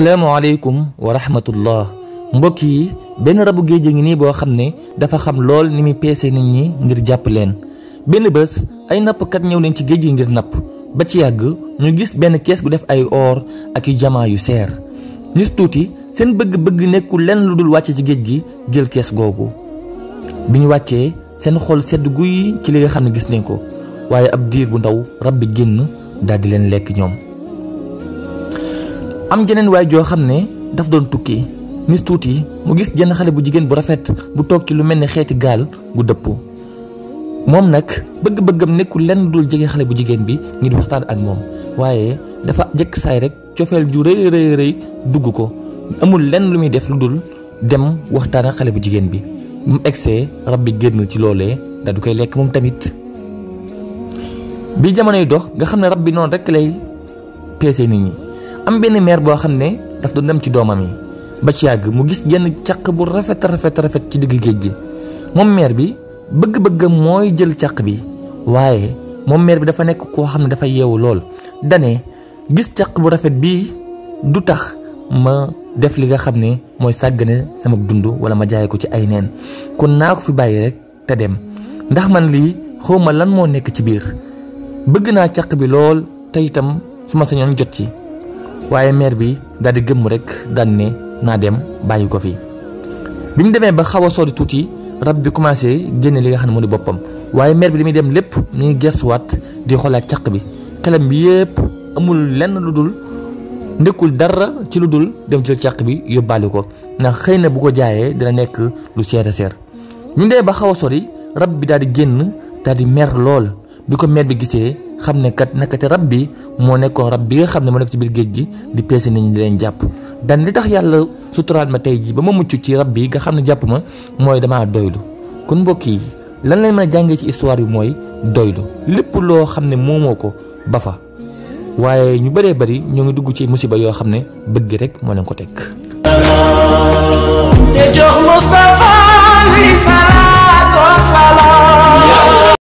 salaamaaleykum wa rahmatullah mbokk yi benn rabu géej a ngi nii boo xam ne dafa xam lool ni muy peese nit ñi ngir jàpp leen benn bés ay nappkat ñëw leen ci géej gi ngir napp ba ci yàgg ñu gis benn kees gu def ay or ak i jamaa yu seer nis tuuti seen bëgg-bëgg nekkul lenn lu dul wàcce ci géej gi jël kees googu bi ñu wàccee seen xol sedd guy ci li xam ne gis nañ ko waaye ab diir bu ndaw rab bi génn daal di leen lekk ñoom. am jeneen waay joo xam ne daf doon tukki nis tuuti mu gis jenn xale bu jigéen bu rafet bu toog ci lu mel ni xeeti gaal gu dëpp moom nag bëgg-bëggam nekkul lenn dul jege xale bu jigéen bi ngir waxtaan ak moom waaye dafa jëkk saay rekk cofeel ju rëy rëy dugg ko amul lenn lu muy def lu dul dem waxtaan xale bu jigéen bi mu egsee rab bi génn ci loolee da du koy lekk moom tamit bi jamonoy dox nga xam ne rab bi noonu rek lay peese nit ñi am benn mère boo xam ne daf doon dem ci doomam yi ba ci yàgg mu gis genn càq bu rafet rafet rafet ci diggu géej gi moom mère bi bëgg-bëggam mooy jël caq bi waaye moom mère bi dafa nekk koo xam ne dafa yeewu lool dane gis caq bu rafet bii du tax ma def li nga xam ne mooy sàggane sama dund wala ma jaay ko ci ay neen kon naa ko fi bàyyi rek te dem ndax man lii xawma lan moo nekk ci biir bëgg naa caq bi lool te itam su ma sañoon jot ci waaye maire bi daal di gëmm rek daan ne naa dem bàyyi ko fi bi mu demee ba xaw a sori tuuti rab bi commencé génne li nga xam ne mu di boppam waaye maire bi li muy dem lépp mi ngi gestuwaat di xoolaat caq bi xelam bi yépp amul lenn lu dul ndëkkul dara ci lu dul dem jël caq bi yóbbaale ko ndax xëy na bu ko jaayee dina nekk lu seer a seer ñu ba xaw a sori rab bi daal di génn daal di mer lool bi ko maire bi gisee. xam ne kat nakate rab bi moo nekkoon rab bi nga xam ne moo nekk ci biir géej gi di peese nit ñi leen jàpp dan li tax yàlla suturaat ma tey ji ba ma mucc ci rab bi nga xam ne jàpp ma mooy damaa doylu kon mbokk yi lan leen mën a jàngee ci histoire yi mooy doylu lépp loo xam ne moomoo ko ba fa waaye ñu bëree bari ñoo ngi dugg ci musiba yoo xam ne bëgg rek moo leen ko teg